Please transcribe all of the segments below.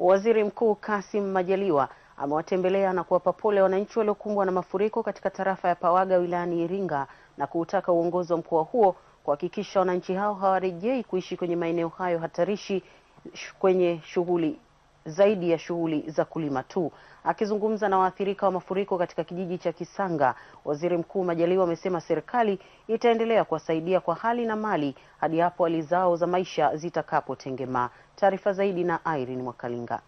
Waziri Mkuu Kassim Majaliwa amewatembelea na kuwapa pole wananchi waliokumbwa na mafuriko katika tarafa ya Pawaga wilayani Iringa na kuutaka uongozi wa mkoa huo kuhakikisha wananchi hao hawarejei kuishi kwenye maeneo hayo hatarishi kwenye shughuli zaidi ya shughuli za kulima tu. Akizungumza na waathirika wa mafuriko katika kijiji cha Kisanga, Waziri Mkuu Majaliwa amesema serikali itaendelea kuwasaidia kwa hali na mali hadi hapo hali zao za maisha zitakapotengemaa. Taarifa zaidi na Irene Mwakalinga.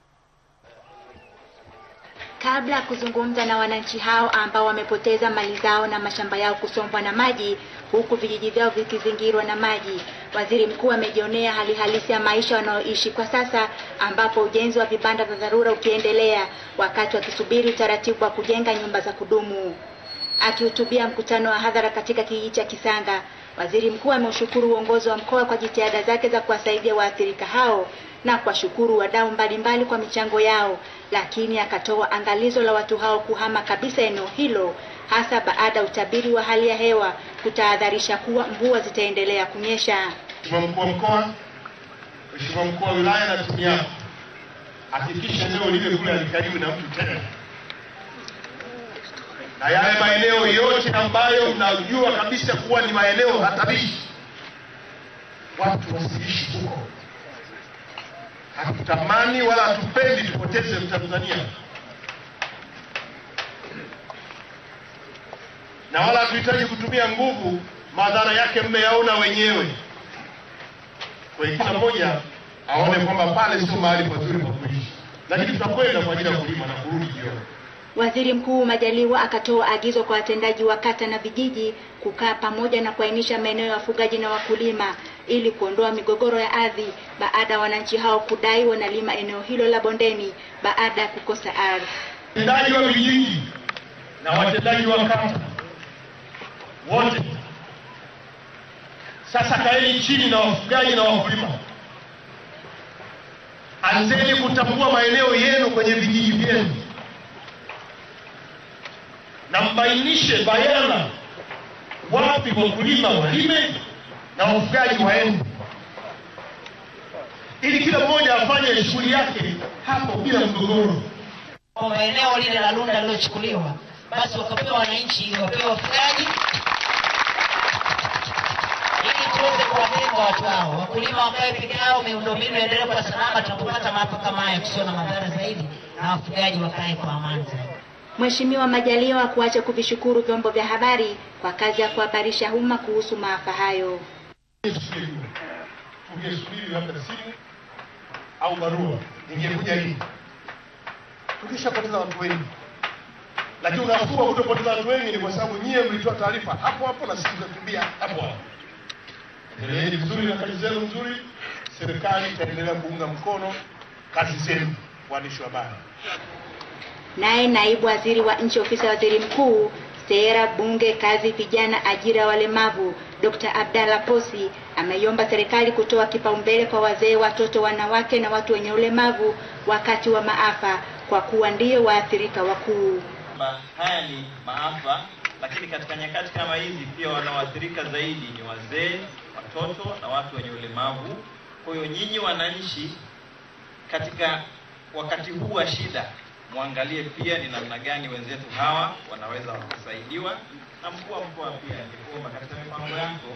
Kabla ya kuzungumza na wananchi hao ambao wamepoteza mali zao na mashamba yao kusombwa na maji, huku vijiji vyao vikizingirwa na maji, Waziri Mkuu amejionea hali halisi ya maisha wanaoishi kwa sasa, ambapo ujenzi wa vibanda vya dharura ukiendelea wakati wakisubiri utaratibu wa kujenga nyumba za kudumu. Akihutubia mkutano wa hadhara katika kijiji cha Kisanga, Waziri Mkuu ameushukuru uongozi wa mkoa kwa jitihada zake za kuwasaidia waathirika hao na kuwashukuru wadau mbalimbali kwa michango yao, lakini akatoa angalizo la watu hao kuhama kabisa eneo hilo hasa baada ya utabiri wa hali ya hewa kutahadharisha kuwa mvua zitaendelea kunyesha. Mheshimiwa mkuu wa mkoa, Mheshimiwa mkuu wa wilaya na timu yako, hakikisha eneo lile kule alikaribu na mtu tena, na yale maeneo yote ambayo mnajua kabisa kuwa ni maeneo hatarishi, watu wasiishi huko. Hatutamani wala hatupendi tupoteze Mtanzania na wala hatuhitaji kutumia nguvu. Madhara yake mmeyaona wenyewe. Kwa kila mmoja aone kwamba pale sio mahali pazuri pa kuishi, lakini tutakwenda kwa ajili ya kulima na kurudi jioni. Waziri Mkuu Majaliwa akatoa agizo kwa watendaji wa kata na vijiji kukaa pamoja na kuainisha maeneo ya wafugaji na wakulima ili kuondoa migogoro ya ardhi baada ya wananchi hao kudai wanalima eneo hilo la bondeni baada ya kukosa ardhi. Watendaji wa vijiji na watendaji wa kata wote. Sasa kaeni chini na wafugaji na wakulima, anzeni kutambua maeneo yenu kwenye vijiji vyenu, na mbainishe bayana wapi wakulima walime na wafugaji waende, ili kila mmoja afanye shughuli yake hapo bila mgogoro. Kwa lile la Lunda lilochukuliwa, basi wakapewa wananchi, wapewa wafugaji kwao. Wakulima wakae peke yao, miundombinu endelee kwa salama, tunapopata maafa kama haya kusio na madhara zaidi, na wafugaji wakae kwa amani zaidi. Mheshimiwa Majaliwa kuacha kuvishukuru vyombo vya habari kwa kazi ya kuhabarisha umma kuhusu maafa hayo. Tungesubiri labda simu au barua ingekuja lini? Tukishapoteza watu wengi, lakini unafua kutopoteza watu wengi ni kwa sababu nyie mlitoa taarifa hapo hapo na sisi tunakimbia hapo hapo. Endeleeni vizuri na kazi zenu nzuri, serikali itaendelea kuunga mkono kazi zenu, waandishi wa habari. Naye naibu waziri wa nchi ofisi ya waziri mkuu sera, bunge, kazi, vijana, ajira, walemavu, Dr. Abdalla Posi ameiomba serikali kutoa kipaumbele kwa wazee, watoto, wanawake na watu wenye ulemavu wakati wa maafa kwa kuwa ndio waathirika wakuu. Haya ni maafa, lakini katika nyakati kama hizi pia wanaoathirika zaidi ni wazee watoto na watu wenye ulemavu. Kwa hiyo nyinyi wananchi, katika wakati huu wa shida, mwangalie pia ni namna gani wenzetu hawa wanaweza kusaidiwa. na mkuu wa mkoa pia nikuomba katika mipango yako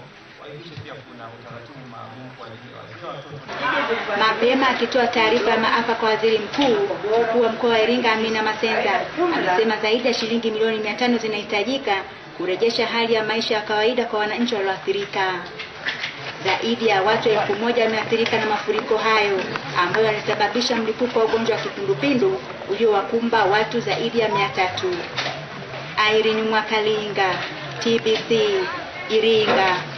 mapema akitoa taarifa ya maafa kwa waziri mkuu, mkuu wa mkoa wa Iringa Amina Masenza amesema zaidi ya shilingi milioni mia tano zinahitajika kurejesha hali ya maisha ya kawaida kwa wananchi walioathirika. Zaidi ya watu elfu moja wameathirika na mafuriko hayo ambayo yalisababisha mlipuko wa ugonjwa wa kipindupindu uliowakumba watu zaidi ya mia tatu. Irene Mwakalinga, TBC, Iringa.